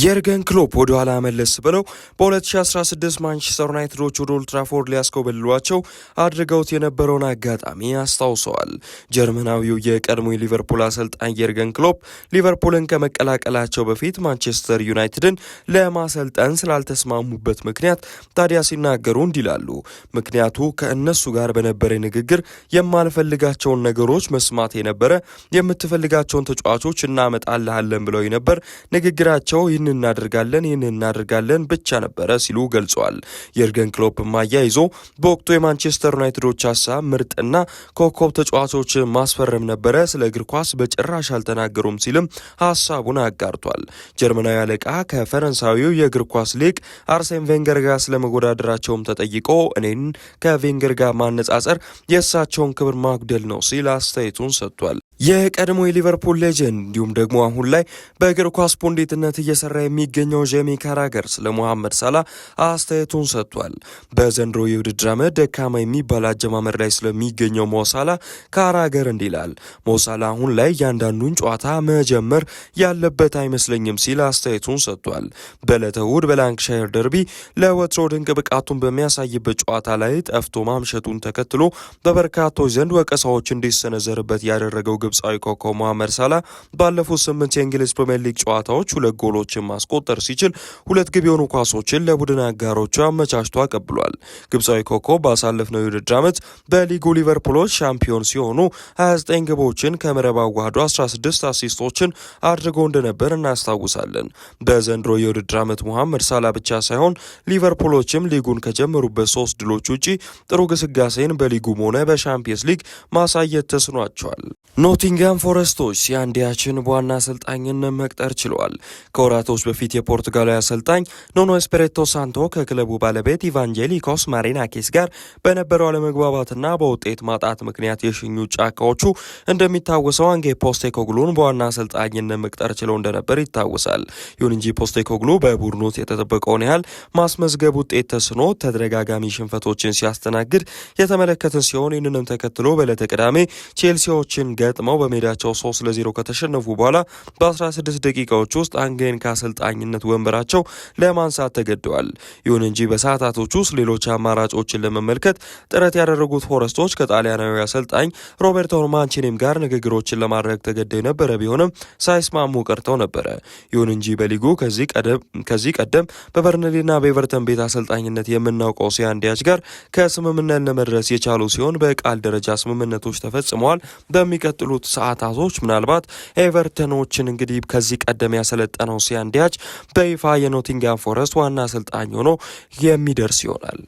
የርገን ክሎፕ ወደ ኋላ መለስ ብለው በ2016 ማንቸስተር ዩናይትዶች ወደ ኦልትራፎርድ ሊያስኮበልሏቸው አድርገውት የነበረውን አጋጣሚ አስታውሰዋል። ጀርመናዊው የቀድሞ የሊቨርፑል አሰልጣኝ የርገን ክሎፕ ሊቨርፑልን ከመቀላቀላቸው በፊት ማንቸስተር ዩናይትድን ለማሰልጠን ስላልተስማሙበት ምክንያት ታዲያ ሲናገሩ እንዲላሉ ምክንያቱ ከእነሱ ጋር በነበረ ንግግር የማልፈልጋቸውን ነገሮች መስማት የነበረ የምትፈልጋቸውን ተጫዋቾች እናመጣልሃለን ብለው ነበር። ንግግራቸው ይህን እናደርጋለን፣ ይህን እናደርጋለን ብቻ ነበረ ሲሉ ገልጸዋል። የርገን ማያ አያይዞ በወቅቱ የማንቸስተር ዩናይትዶች ሀሳብ ምርጥና ኮከብ ተጫዋቾች ማስፈረም ነበረ፣ ስለ እግር ኳስ በጭራሽ አልተናገሩም ሲልም ሀሳቡን አጋርቷል። ጀርመናዊ አለቃ ከፈረንሳዊው የእግር ኳስ ሊቅ አርሴን ቬንገር ጋር ስለመወዳደራቸውም ተጠይቆ እኔን ከቬንገር ጋር ማነጻጸር የእሳቸውን ክብር ማጉደል ነው ሲል አስተያየቱን ሰጥቷል። የቀድሞ የሊቨርፑል ሌጀንድ እንዲሁም ደግሞ አሁን ላይ በእግር ኳስ ፖንዲትነት እየሰራ የሚገኘው ጄሚ ካራገር ስለ ሞሐመድ ሳላ አስተያየቱን ሰጥቷል። በዘንድሮ የውድድር ዓመት ደካማ የሚባል አጀማመር ላይ ስለሚገኘው ሞሳላ ካራገር እንዲህ ይላል። ሞሳላ አሁን ላይ እያንዳንዱን ጨዋታ መጀመር ያለበት አይመስለኝም ሲል አስተያየቱን ሰጥቷል። በዕለተ እሁድ በላንክሻየር ደርቢ ለወትሮ ድንቅ ብቃቱን በሚያሳይበት ጨዋታ ላይ ጠፍቶ ማምሸቱን ተከትሎ በበርካቶች ዘንድ ወቀሳዎች እንዲሰነዘርበት ያደረገው ግብ ግብፃዊ ኮከብ መሐመድ ሳላ ባለፉት ስምንት የእንግሊዝ ፕሪምየር ሊግ ጨዋታዎች ሁለት ጎሎችን ማስቆጠር ሲችል ሁለት ግብ የሆኑ ኳሶችን ለቡድን አጋሮቹ አመቻችቶ አቀብሏል። ግብፃዊ ኮከብ ባሳለፍነው የውድድር ዓመት በሊጉ ሊቨርፑሎች ሻምፒዮን ሲሆኑ 29 ግቦችን ከመረብ አዋህዶ 16 አሲስቶችን አድርጎ እንደነበር እናስታውሳለን። በዘንድሮ የውድድር ዓመት መሐመድ ሳላ ብቻ ሳይሆን ሊቨርፑሎችም ሊጉን ከጀመሩበት ሶስት ድሎች ውጪ ጥሩ ግስጋሴን በሊጉም ሆነ በሻምፒየንስ ሊግ ማሳየት ተስኗቸዋል። ኖቲንጋም ፎረስቶች ሲያንዲያችን በዋና አሰልጣኝነት መቅጠር ችለዋል። ከወራቶች በፊት የፖርቱጋላዊ አሰልጣኝ ኖኖ ኤስፔሬቶ ሳንቶ ከክለቡ ባለቤት ኢቫንጀሊኮስ ማሪናኪስ ጋር በነበረው አለመግባባትና በውጤት ማጣት ምክንያት የሽኙ ጫካዎቹ እንደሚታወሰው አንጌ ፖስቴኮግሉን በዋና አሰልጣኝነት መቅጠር ችለው እንደነበር ይታወሳል። ይሁን እንጂ ፖስቴኮግሉ በቡድኑት የተጠበቀውን ያህል ማስመዝገብ ውጤት ተስኖ ተደጋጋሚ ሽንፈቶችን ሲያስተናግድ የተመለከተ ሲሆን ይህንንም ተከትሎ በዕለተ ቅዳሜ ቼልሲዎችን ገጥ ገጥመው በሜዳቸው ለ0 ከተሸነፉ በኋላ በ16 ደቂቃዎች ውስጥ አንጌን ከአሰልጣኝነት ወንበራቸው ለማንሳት ተገደዋል። ይሁን እንጂ በሰዓታቶች ውስጥ ሌሎች አማራጮችን ለመመልከት ጥረት ያደረጉት ፎረስቶች ከጣሊያናዊ አሰልጣኝ ሮቤርቶ ማንቺኒም ጋር ንግግሮችን ለማድረግ ተገደው የነበረ ቢሆንም ሳይስማሙ ቀርተው ነበረ። ይሁን እንጂ በሊጉ ከዚህ ቀደም በበርንሌና በኤቨርተን ቤት አሰልጣኝነት የምናውቀው ሲያንዲያች ጋር ከስምምነት ለመድረስ የቻሉ ሲሆን በቃል ደረጃ ስምምነቶች ተፈጽመዋል። በሚቀጥሉ ባሉት ሰዓታቶች ምናልባት ኤቨርተኖችን እንግዲህ ከዚህ ቀደም ያሰለጠነው ሲያንዲያች በይፋ የኖቲንጋም ፎረስት ዋና አሰልጣኝ ሆኖ የሚደርስ ይሆናል።